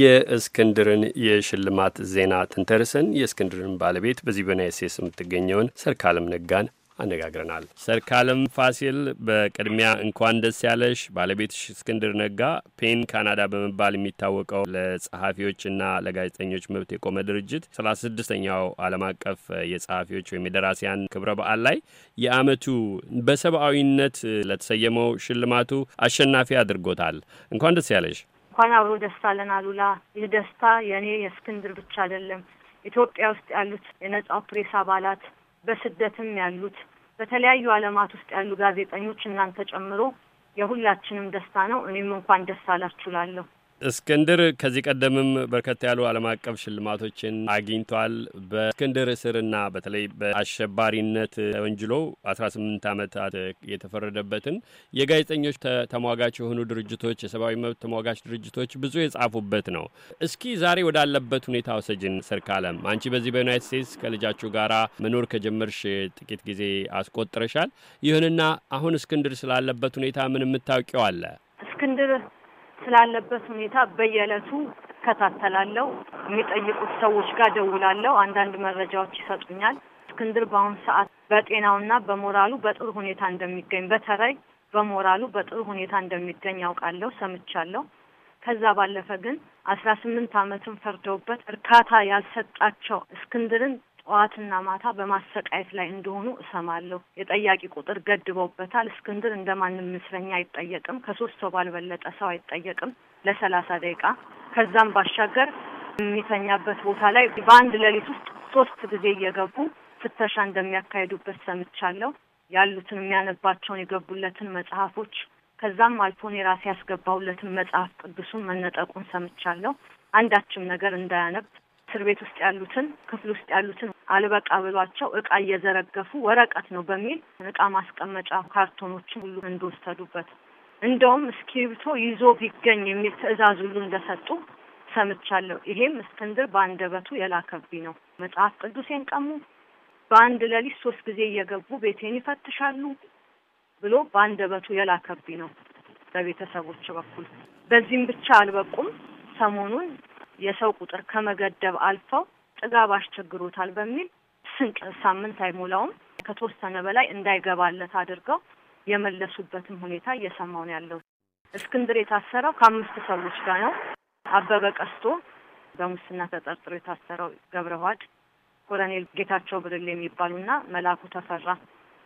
የእስክንድርን የሽልማት ዜና ትንተርሰን የእስክንድርን ባለቤት በዚህ በዩናይት ስቴትስ የምትገኘውን ሰርካለም ነጋን አነጋግረናል። ሰርካለም ፋሲል፣ በቅድሚያ እንኳን ደስ ያለሽ። ባለቤትሽ እስክንድር ነጋ ፔን ካናዳ በመባል የሚታወቀው ለጸሐፊዎችና ለጋዜጠኞች መብት የቆመ ድርጅት ሰላሳ ስድስተኛው ዓለም አቀፍ የጸሐፊዎች ወይም የደራሲያን ክብረ በዓል ላይ የአመቱ በሰብአዊነት ለተሰየመው ሽልማቱ አሸናፊ አድርጎታል። እንኳን ደስ ያለሽ። እንኳን አብሮ ደስታ አለን አሉላ። ይህ ደስታ የእኔ የእስክንድር ብቻ አይደለም። ኢትዮጵያ ውስጥ ያሉት የነጻው ፕሬስ አባላት፣ በስደትም ያሉት፣ በተለያዩ ዓለማት ውስጥ ያሉ ጋዜጠኞች እናንተ ጨምሮ የሁላችንም ደስታ ነው። እኔም እንኳን ደስ አላችሁ እላለሁ። እስክንድር ከዚህ ቀደምም በርከት ያሉ ዓለም አቀፍ ሽልማቶችን አግኝቷል። በእስክንድር እስርና በተለይ በአሸባሪነት ወንጅሎ 18 ዓመታት የተፈረደበትን የጋዜጠኞች ተሟጋች የሆኑ ድርጅቶች፣ የሰብአዊ መብት ተሟጋች ድርጅቶች ብዙ የጻፉበት ነው። እስኪ ዛሬ ወዳለበት ሁኔታ ውሰጅን። ስርካለም አንቺ በዚህ በዩናይት ስቴትስ ከልጃችሁ ጋር መኖር ከጀመርሽ ጥቂት ጊዜ አስቆጥረሻል። ይሁንና አሁን እስክንድር ስላለበት ሁኔታ ምን የምታውቂው አለ? እስክንድር ስላለበት ሁኔታ በየዕለቱ እከታተላለሁ። የሚጠይቁት ሰዎች ጋር ደውላለሁ። አንዳንድ መረጃዎች ይሰጡኛል። እስክንድር በአሁኑ ሰዓት በጤናውና በሞራሉ በጥሩ ሁኔታ እንደሚገኝ በተለይ በሞራሉ በጥሩ ሁኔታ እንደሚገኝ ያውቃለሁ፣ ሰምቻለሁ። ከዛ ባለፈ ግን አስራ ስምንት አመትን ፈርደውበት እርካታ ያልሰጣቸው እስክንድርን ጠዋትና ማታ በማሰቃየት ላይ እንደሆኑ እሰማለሁ። የጠያቂ ቁጥር ገድበውበታል። እስክንድር እንደ ማንም ምስለኛ አይጠየቅም። ከሶስት ሰው ባልበለጠ ሰው አይጠየቅም ለሰላሳ ደቂቃ ከዛም ባሻገር የሚተኛበት ቦታ ላይ በአንድ ሌሊት ውስጥ ሶስት ጊዜ እየገቡ ፍተሻ እንደሚያካሄዱበት ሰምቻለሁ። ያሉትን የሚያነባቸውን የገቡለትን መጽሐፎች ከዛም አልፎን የራሴ ያስገባሁለትን መጽሐፍ ቅዱሱን መነጠቁን ሰምቻለሁ። አንዳችም ነገር እንዳያነብ እስር ቤት ውስጥ ያሉትን ክፍል ውስጥ ያሉትን አልበቃ ብሏቸው እቃ እየዘረገፉ ወረቀት ነው በሚል እቃ ማስቀመጫ ካርቶኖችን ሁሉ እንደወሰዱበት እንደውም እስክሪብቶ ይዞ ቢገኝ የሚል ትዕዛዝ ሁሉ እንደሰጡ ሰምቻለሁ። ይሄም እስክንድር በአንደበቱ የላከብኝ ነው። መጽሐፍ ቅዱሴን ቀሙ፣ በአንድ ሌሊት ሶስት ጊዜ እየገቡ ቤቴን ይፈትሻሉ ብሎ በአንደበቱ የላከብኝ ነው በቤተሰቦች በኩል። በዚህም ብቻ አልበቁም። ሰሞኑን የሰው ቁጥር ከመገደብ አልፈው ጥጋብ አስቸግሮታል በሚል ስንቅ ሳምንት አይሞላውም ከተወሰነ በላይ እንዳይገባለት አድርገው የመለሱበትም ሁኔታ እየሰማው ነው ያለው። እስክንድር የታሰረው ከአምስት ሰዎች ጋር ነው። አበበ ቀስቶ በሙስና ተጠርጥሮ የታሰረው ገብረዋድ፣ ኮሎኔል ጌታቸው ብርል የሚባሉና መላኩ ተፈራ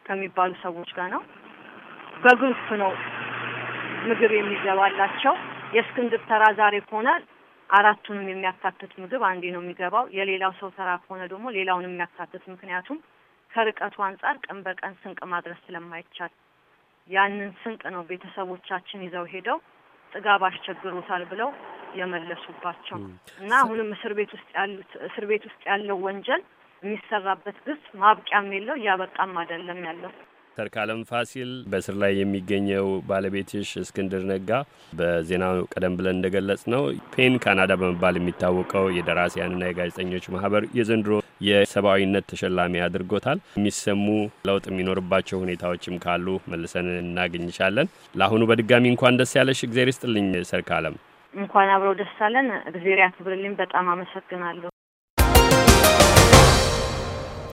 ከሚባሉ ሰዎች ጋር ነው። በግሩፕ ነው ምግብ የሚገባላቸው። የእስክንድር ተራ ዛሬ ከሆነ አራቱንም የሚያካትት ምግብ አንዴ ነው የሚገባው። የሌላው ሰው ተራ ከሆነ ደግሞ ሌላውን የሚያካትት ምክንያቱም ከርቀቱ አንጻር ቀን በቀን ስንቅ ማድረስ ስለማይቻል ያንን ስንቅ ነው ቤተሰቦቻችን ይዘው ሄደው ጥጋብ አስቸግሮታል ብለው የመለሱባቸው እና አሁንም እስር ቤት ውስጥ ያሉት እስር ቤት ውስጥ ያለው ወንጀል የሚሰራበት ግስ ማብቂያም የለው እያበቃም አይደለም ያለው። ተርካለም ፋሲል በእስር ላይ የሚገኘው ባለቤትሽ እስክንድር ነጋ በዜናው ቀደም ብለን እንደገለጽ ነው ፔን ካናዳ በመባል የሚታወቀው የደራሲያንና የጋዜጠኞች ማህበር የዘንድሮ የሰብአዊነት ተሸላሚ አድርጎታል። የሚሰሙ ለውጥ የሚኖርባቸው ሁኔታዎችም ካሉ መልሰን እናገኝሻለን። ለአሁኑ በድጋሚ እንኳን ደስ ያለሽ። እግዜር ይስጥልኝ ሰርካለም። እንኳን አብረው ደስ አለን። እግዜር ያክብርልኝ። በጣም አመሰግናለሁ።